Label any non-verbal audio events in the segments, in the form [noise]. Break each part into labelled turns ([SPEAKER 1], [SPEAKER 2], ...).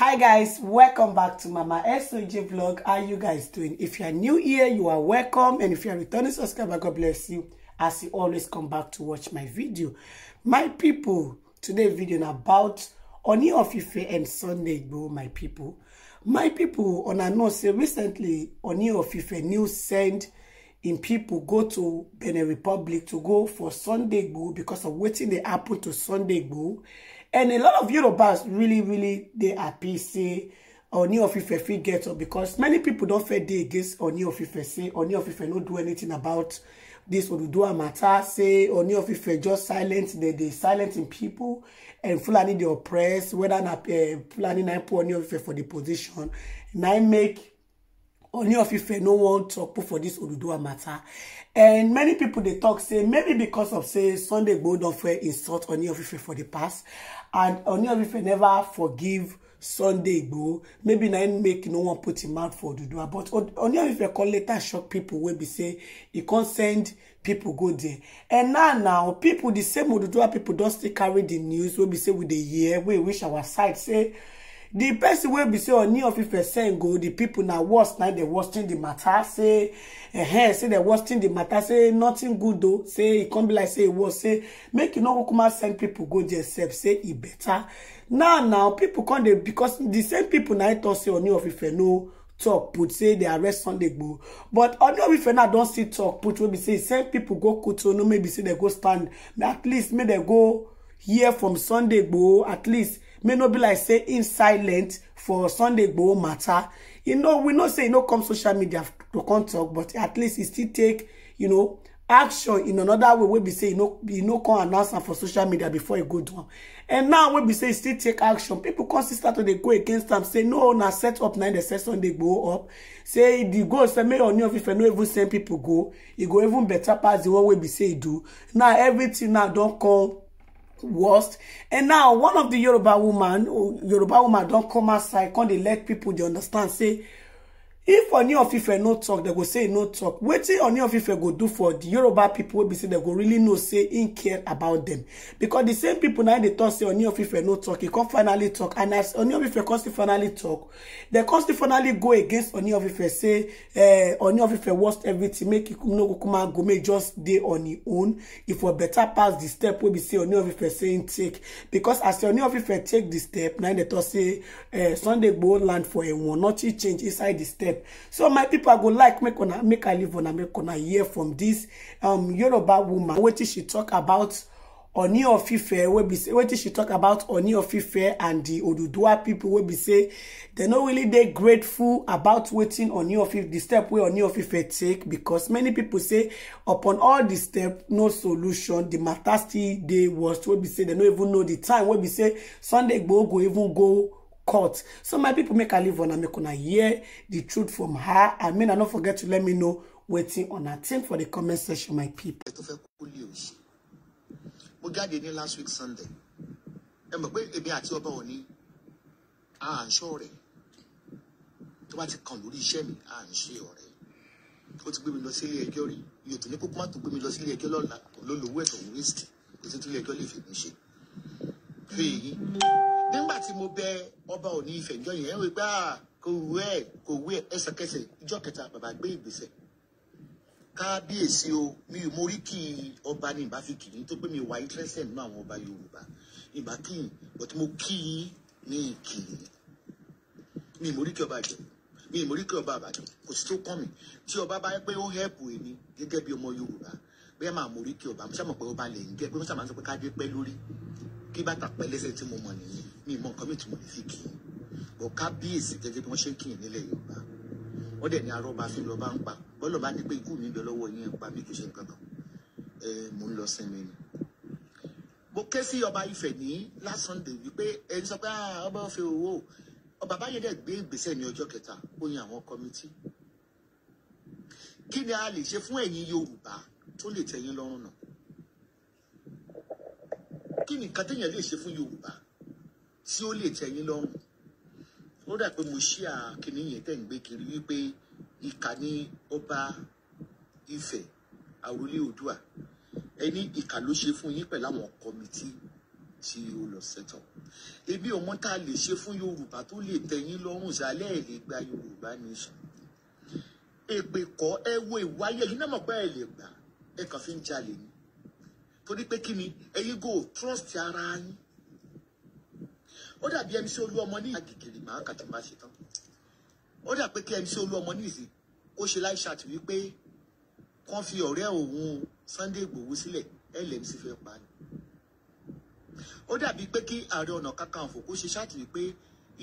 [SPEAKER 1] hi guys welcome back to mama soj vlog how you guys doing if you are new here you are welcome and if you are returning subscriber god bless you as you always come back to watch my video my people today video about Oni of Ife and Sunday Igboho my people my people on una know say recently Oni of Ife news send im pipo go to Benin Republic to go for Sunday Igboho because of waiting dey happen to Sunday Igboho And a lot of Yorubas really, really, they happy, say, Oni of Ife fit get up because many people don't feel they against Oni of Ife, say, Oni of Ife no do anything about this or do a matter, say, Oni of Ife just silent, they, they silent in people, and Fulani they oppress, whether na, uh, Fulani na put Oni of Ife for the position, na make Only of Ife no one talk put for this Oduduwa matter. And many people they talk say maybe because of say Sunday Igboho don first insult Ooni of Ife for the past and only of Ife never forgive Sunday Igboho. Maybe na make no one put him out for Oduduwa. But only of Ife call later shock people wey be say he can't send people go there. And now now people the same Oduduwa people don still carry the news wey be say with the year we wish our side say The person will be say oni of ife send go The people now worse now they watching the matter say eh say they watching the matter say nothing good though. say e come be like say e worse say make you no kukuma send people go themselves. say it e better now now people come dey because the same people now e talk say oni of ife no talk put say they arrest sunday go. but on of ife now don't see talk put will be say send people go cut no maybe say they go stand at least make they go hear from sunday go at least may not be like say in silent for sunday Igboho matter you know we not say you no come social media to come talk but at least e still take you know action in another way We be say you e no come announce for social media before you e go do am and now we be say still take action People pipo start to dey go against them. say no now set up na the session they go up say the go say may oni of ife know even send people go e go even better pass the one we be say e do now everything now don't come worst and now one of the yoruba woman yoruba woman don't come outside come dey let people. dey understand say if oni of ife no talk they go say no talk wetin oni of ife go do for the yoruba people. wey be say dem go really no say im care about them because the same people now they talk say oni of ife no talk He come finally talk and as oni of ife come still finally talk they come still finally go against oni of ife say eh oni of ife worst everything make e no go come out go make just day on im own If we better pass di step wey be say oni of ife say take because as oni of ife take di step now they talk say eh sunday go land for a one not change inside di step so my pipo go like make una make i leave una make una hear from dis um, yoruba woman wetin she talk about oni of ife wey be say wetin she talk about oni of ife and the oduduwa people. wey be say dem not really they grateful about waiting oni of ife di step wey oni of ife take because many people say upon all di step no solution The matter still was. worst be say they no even know the time wey be say sunday go go even go court so my people make a live on, una make una hear the truth from her I mean, i don't forget to let me know Waiting on una think for the comment section my pipo.
[SPEAKER 2] mo jáde ní last week sunday ẹ mọ̀ pé èmi àti ọba òní à ń ṣọ́ rẹ̀ tó bá ti kàn lórí iṣẹ́ mi à ń ṣe ọ̀rẹ́ ó ti gbé mi lọ sí ilé ẹjọ́ rí mi ò tún ní kókó má tó gbé mi lọ sí ilé ẹjọ́ lọ́la lólówó ẹ̀tọ́ wíṣítì kò sí ilé ẹjọ́ lè fi mi ṣe nígbà tí mo bẹ ọba Ọọ̀ni Ifẹ̀ ìjọ yẹn wí pé kò wú ẹ kò wú ẹ ẹsẹ̀kẹsẹ̀ ìjọ kẹta bàbá gbé ìgbésẹ̀ kábíyèsí o mi ò mórí kí ọba ní ìbá fi kìíní tó pé mi wà interested nínú àwọn ọba Yorùbá ìbá kí n but mo kí i ní ìkìíní mi ò mórí kí ọba jẹ mi ò mórí kí ọba àbàdàn kò sí tó kàn mí tí ọba bá pé ó hẹ́pù èmi gẹ́gẹ́ bí ọmọ Yorùbá bẹ́ẹ̀ máa mórí kí ọba mo sábà pé ọba lè ń jẹ́ pé mo sábà pé ká dé pẹ́ lórí bí bàtà pẹ́ lẹ́sẹ̀ tí mo mọ̀ nìyí mi mọ nǹkan mi tí mo lè fi kì í bọ̀ kábíyèsí gẹ́gẹ́ bí wọ́n ṣe ń kì nílẹ̀ Yorùbá wọ́n dẹ̀ ní arọ́ fi lọ ń pa bọ́lọ̀ bá ní pé ikú mi bẹ lọ́wọ́ yín ń pa bí kò ṣe nǹkan kan ẹ mò ń lọ sinmi ni. mo ké sí ọba Ifẹ̀ ní last Sunday wípé ẹni sọ pé ah, ọba òfin owó ọba báyẹ̀dẹ̀ gbé ìgbésẹ̀ ní ọjọ́ kẹta ó yan àwọn kọmitì kí ni a lè ṣe fún ẹ̀yin Yorùbá tó lè tẹ́yín lọ́rùn náà kí ni nǹkan téèyàn lè ṣe fún Yorùbá tí ó lè tẹ̀yìn lọ́rùn ó dà pé mo ṣí àkíní yẹn tẹ̀ ń gbé kiri wípé ìkà ni ọba Ifẹ̀ àròlé Oòduà ẹni ìkà ló ṣe fún yín pẹ̀lú àwọn kọ́mítì tí ó lọ sẹ́tọ̀ ebi ọmọ tá a lè ṣe fún Yorùbá tó lè tẹ̀yìn lọ́rùn ṣálẹ́ ẹ̀ lè gba Yorùbá ní sùn èpè kọ́ ẹ wo ìwáyé yìí náà mọ̀ pé ẹ lè gbà ẹ kàn fi ń jalè ni torí pé kí ni ẹ̀yin go trust ara yín ó dàbí ẹni sí olú ọmọ ní àgègèrè màá kàtí bá ṣe tán ó dà pé kí ẹni sí olú ọmọ ní ìsìn ó ṣe láì ṣàtìwí pé kán fi ọ̀rẹ́ òun Sunday Igboho sílẹ̀ LMC fẹ́ pa ni ó dàbí pé kí ààrẹ ọ̀nà kakanfò kó ṣe ṣàtìwí pé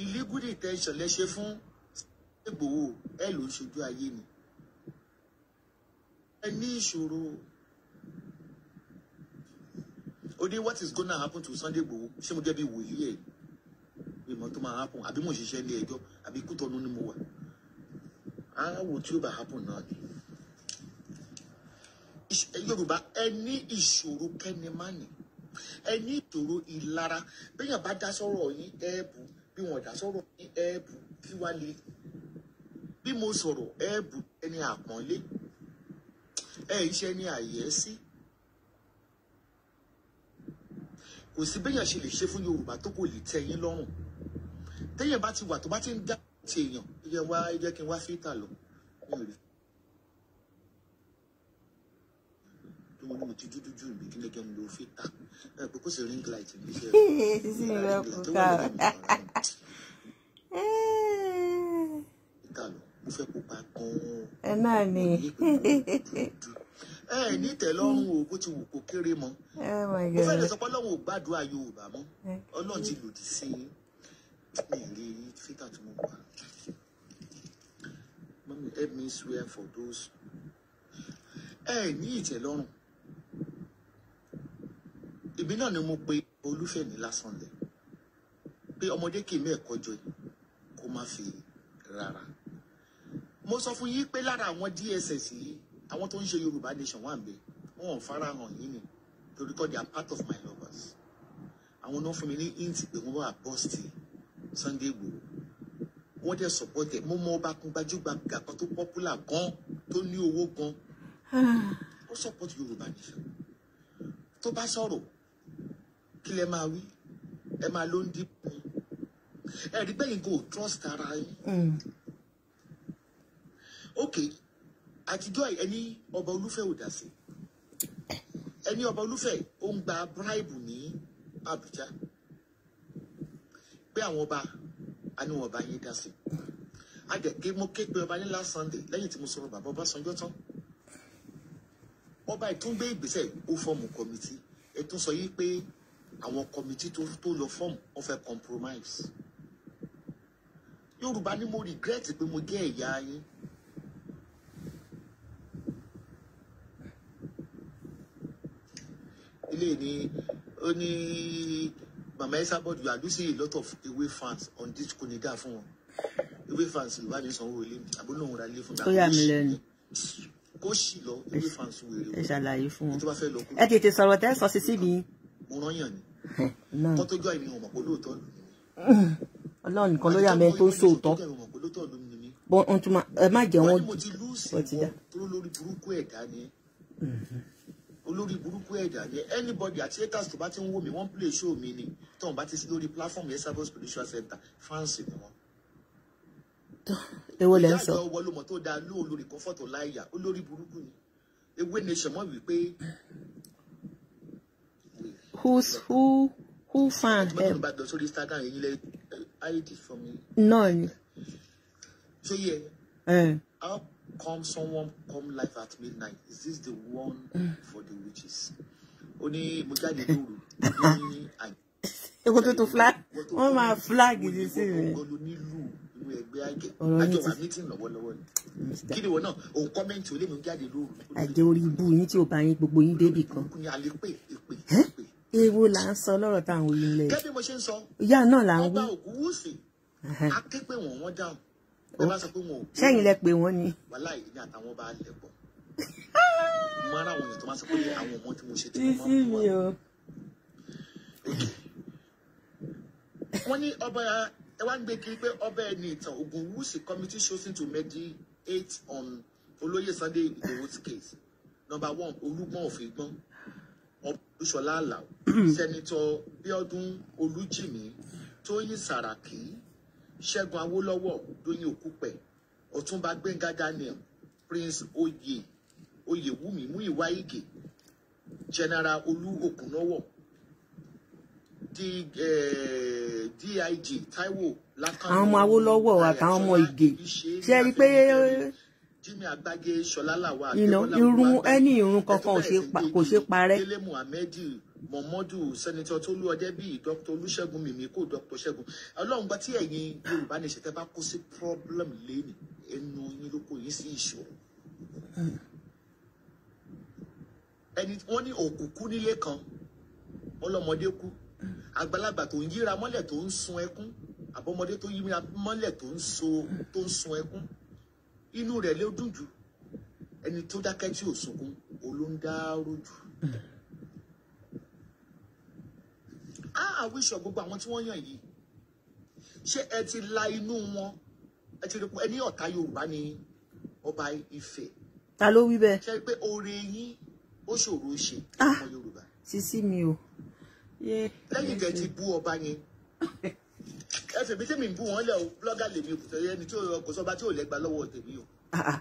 [SPEAKER 2] illegal detention lẹ́ṣẹ̀ fún Sunday Igboho ẹ̀ ló ń ṣojú ayé ni ẹ ní ìṣòro ó what is gonna happen to Sunday Igboho ṣé mo jẹ̀bi wòye ẹ̀ mi tó máa happen àbí mo ṣiṣẹ́ ilé ẹjọ́ àbí kútọ́nù ni mo wà aáwò tí ó bá happen náà ni Yorùbá ẹni ìṣòro kẹ́ni má nì ẹni ìṣòro ìlara bẹ́yàn bá dá sọ́rọ̀ yín ẹ̀ẹ́bù bí wọ́n dá sọ́rọ̀ yín ẹ̀ẹ́bù kí wá lè bí mo sọ̀rọ̀ ẹ̀ẹ́bù ẹni àpọ́nlé ẹ̀ iṣẹ́ ní àyẹ́sí. Si kò sí béèyàn ṣe lè ṣe fún yorùbá tó kò lè tẹ́ yín lọ́rùn téèyàn bá ti wà tó bá ti ń dá ti èèyàn ẹ jẹ́ wá ẹ kí n wá fíìtà lọ mo ní mo ti dúdú jù mí kí lẹ́gẹ̀ẹ́ mi ló fi ta ẹ pé kó sì ring light mi ṣe [laughs] ring light [laughs] lọ mo fẹ́ pupa gan-an. ẹ náà ni ẹ ní mm. tẹ́lọ́rùn o bó ti wù kó kéré mọ́ oh
[SPEAKER 1] mo fẹ́ lè sọ
[SPEAKER 2] pé ọlọ́run ò gbàdúrà yorùbá mọ́ eh. ọlọ́run ti lòdì sí èrè fítà tí mo wà mommy help me swear for those ẹ ní ìtẹ́lọ́rùn ìbí náà ni mo pe olúfẹ̀mí lásán lẹ̀ pé ọmọdé kì í mẹ́ẹ̀kọ́ jọ kó má fi rárá mo sọ fún yín pé lára àwọn DSS yìí àwọn tó ń ṣe Yorùbá nation wà ń bẹ wọn ò farahàn yín ni torí kọ́ they are part of my lovers àwọn náà fún mi ní int pé wọ́n wà bọ́ọ̀sì Sunday Igboho wọ́n dẹ̀ support ẹ̀ mo mọ ọba kan gbajúgbajà kan tó popular gan tó ní owó gan ó support Yorùbá nation tó bá sọ̀rọ̀ kí lẹ máa wí ẹ máa ló ń dínkù ẹ̀rí gbẹ̀yìn kò trust ara yín. Mm. okay àtijọ́ ẹni ọba olúfẹ́ ò dá sí ẹni ọba olúfẹ́ ó ń gba bíráìbù ní Àbújá pé àwọn ọba àníwọ̀n ọba dá sí àjẹké mo ké pe ọba ní last Sunday lẹ́yìn tí mo sọ̀rọ̀ bàbá Ọbásanjọ́ tán ọba ìtún gbé ìgbésẹ̀ ó fọ́ọ̀mù kọ́mítì ẹ tún sọ yìí pé àwọn kọ́mítì tó lọ fọ́ọ̀mù wọ́n fẹ́ compromise Yorùbá ni mo regret pé mo jẹ́ ẹ̀yà yín pè ní ó ní mama Esabod you are losing a lot of away fans on this kò ní dáa fún wọn away fans yorùbá ní sanwó ilé mi àbúrò òun ra ilé fún mi. ó yà mí lẹ́nu kó sì lọ away fans wèrè wọn. ẹ ṣàlàyé fún wọn ẹ
[SPEAKER 1] tètè sọ̀rọ̀ tẹ́ sọ sí síbi.
[SPEAKER 2] mo rán yàn ni kọ́tọ́jọ́ ìmí wọn mọ̀ pé lóòótọ́ ló ní.
[SPEAKER 1] ọlọ́run nìkan ló yà mẹ́ tó ń sòótọ́ bọ́n ẹ má jẹ́ wọn. wọ́n ní mo ti lùsì wọn
[SPEAKER 2] tó lórí burúkú ẹ̀dá ni. Mm-hmm olórí burúkú ẹ̀dá yẹn anybody àti haters tó bá ti ń wò mí wọ́n play show mi ni tó wọ́n bá ti sí lórí platform yẹn Esabod spiritual center fans ni wọ́n. ewo lẹ ń sọ. ìyá ìjọ wọlọmọ tó dáa lóò lórí comfort láyà olórí burúkú ni ewé nation mọ̀ wípé.
[SPEAKER 1] who's who who found him. mọ̀tò
[SPEAKER 2] bá lọ sórí Instagram yẹn nílẹ̀ id fún mi. none. ṣé yẹ. How come someone come live at midnight? Is this the one for the witches? Ó ní mo jáde lóru.
[SPEAKER 1] Èkó tó tó flag. Wọ́n my flag you see. rẹ̀. Ọ̀rọ̀
[SPEAKER 2] yìí ti kí ni wọn náà òun kọ́mẹ́ǹtì olè mi jáde lóru.
[SPEAKER 1] Àjẹ́ orí ibú yín tí ó bá yín gbogbo yín débì kan. Ewo là ń sọ lọ́rọ̀ táwọn oyin lẹ̀. Gẹ́gẹ́ bí mo
[SPEAKER 2] ṣe ń sọ. Ìyá náà là ń wí. Ọba ẹ bá sọ pé wọn ò pé sẹ́yìn lẹ pé wọ́n ni. wàhálà yìí ni àtàwọn bá lẹ̀ pọ̀ mo ara àwọn èèyàn tó máa sọ pé wọ́n ní ọba ẹ wá ń gbé kiri pé ọba ẹni ìtàn ogun wúsì committee chosen to mediate on olóyè Sunday Igboho's case number one olúgbọ́n òfin gbọ́n olúṣọlá àlàó [clears throat] Senator bíọ́dún olújìmí tóyìn sàràkí ṣẹ́gun awólọ́wọ̀ dóyin òkúpẹ̀ ọ̀túnba gbẹ̀ngà daniel prince oyè oyèwùmí múìwá ìgè general olú òkúnnáwọ̀ dig eh, taiwo lákàtúntò àwọn
[SPEAKER 1] ọmọ awólọ́wọ̀ àtàwọn ọmọ ìgè ṣe é rí pé irun ẹni irun kankan kò ṣe parẹ́
[SPEAKER 2] mọ̀mọ́dù sẹ́nitọ́ tó lú ọdẹ bíi dr olúṣẹ́gun mímíkò dr ṣẹ́gun ọlọ́run gba tí ẹ̀yin yorùbá nation tẹ́ bá kó sí problem lẹ́nu ẹnu yín ló kó yín sí ìṣòro. ẹni wọ́n ní òkú kú nílé kan wọ́n lọ́mọdé kú àgbàlagbà tó ń yíra mọ́lẹ̀ tó ń sun ẹkún àbọ̀mọdé tó yíra mọ́lẹ̀ tó ń so tó ń sun ẹkún inú rẹ̀ ló dùn jù ẹni tó dákẹ́ tí ò sunkún olóńdáró jù. wíṣọ gbogbo àwọn tí wọ́n yàn yìí ṣé ẹ ti la inú wọn ẹ ti rí pé ẹni ọ̀tá Yorùbá ni ọba Ifẹ̀. ta ló wí bẹ́ẹ̀. ṣe pé oore yín ó ṣòro ṣe ah! ọmọ Yorùbá.
[SPEAKER 1] sisi mi o.
[SPEAKER 2] lẹ́yìn tẹ̀ ti bú ọba yẹn [laughs] ẹ fẹ̀mí tẹ̀mí bú wọn lẹ́ o blọ́gà lèmi kò sọ ẹni tí kò sọ ọba tí ò lẹ́gbàá lọ́wọ́ tèmi o. Ah, ah.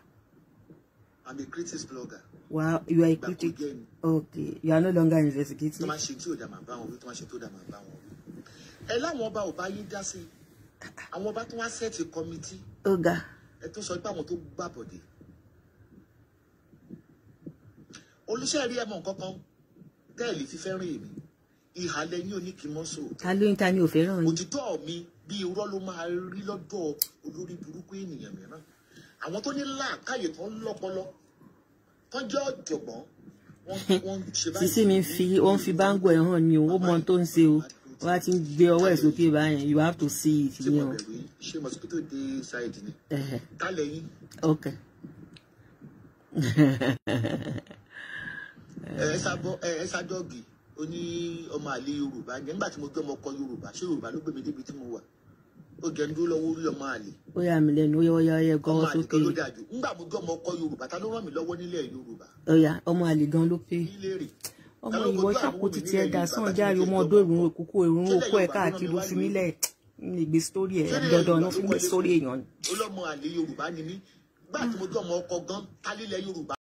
[SPEAKER 2] I'm a critics blogger.
[SPEAKER 1] Wow, you are a critic. Okay, you are no longer investigating. Tó máa ṣe
[SPEAKER 2] tí ò dà máa bá wọn wí, tó máa ṣe tó dà máa bá wọn wí. Ẹ láwọn ọba ò bá yín dá sí. Àwọn ọba tó wá sẹ́ẹ̀tì kọ́mítì. Ó ga. Ẹ tó sọ pé àwọn tó gbàbọ̀dé. Olúṣẹ́rí ẹ mọ̀ nǹkan kan tẹ́ẹ̀lì fífẹ́ rìn èmi. Ìhàlẹ̀ yín ò ní kí n mọ́ sọ.
[SPEAKER 1] Ta ló ń ta ni ò fẹ́ràn
[SPEAKER 2] Òtítọ́ mi bí irọ́ ló máa rí lọ́dọ̀ olórí burúkú ènìyàn mìíràn àwọn tó ní làákàyè tó ń lọ́pọlọ tó jẹ́ ọ̀jọ̀gbọ́n wọ́n [laughs] ṣe báyìí. sísí mi
[SPEAKER 1] fi ó ń fi báńgò ẹ̀ hàn ni owó mọ tó ń ṣe o wọ́n ti ń gbé ọwọ́ ẹ̀ sókè báyẹn you have to see it ni o.
[SPEAKER 2] ṣé mosquito dé side ni. kálẹ̀ yín. ok. [laughs] ẹ ẹ oní ọmọ àlè yorùbá nígbà tí mo gbé ọmọ ọkọ yorùbá ṣé yorùbá ló gbé mi débi tí mo wà ó jẹ dúró lọ́wọ́ orí ọmọ àlè.
[SPEAKER 1] ó yà mí lẹ́nu ó yọ ọyẹ gan sókè. ọmọ àlè gan ló dájú
[SPEAKER 2] ńgbà mo jọ ọmọ ọkọ yorùbá ta ló ràn mí lọ́wọ́ nílẹ̀ yorùbá.
[SPEAKER 1] ó yá ọmọ àlè gan ló pé
[SPEAKER 2] ọmọ ìwọ ṣàkó títí
[SPEAKER 1] ẹ dà sàn járe ọmọ ọdọ ìrùn òkúkú ìrùn òkú ẹ káàkiri ó fi mí lẹ sórí ẹ dandan ní fún mi sórí èèyàn.
[SPEAKER 2] ọlọ́mọ àlè yorùbá ni mí gbà tí mo jọ ọmọ ọkọ gan kálílẹ̀ yorùbá.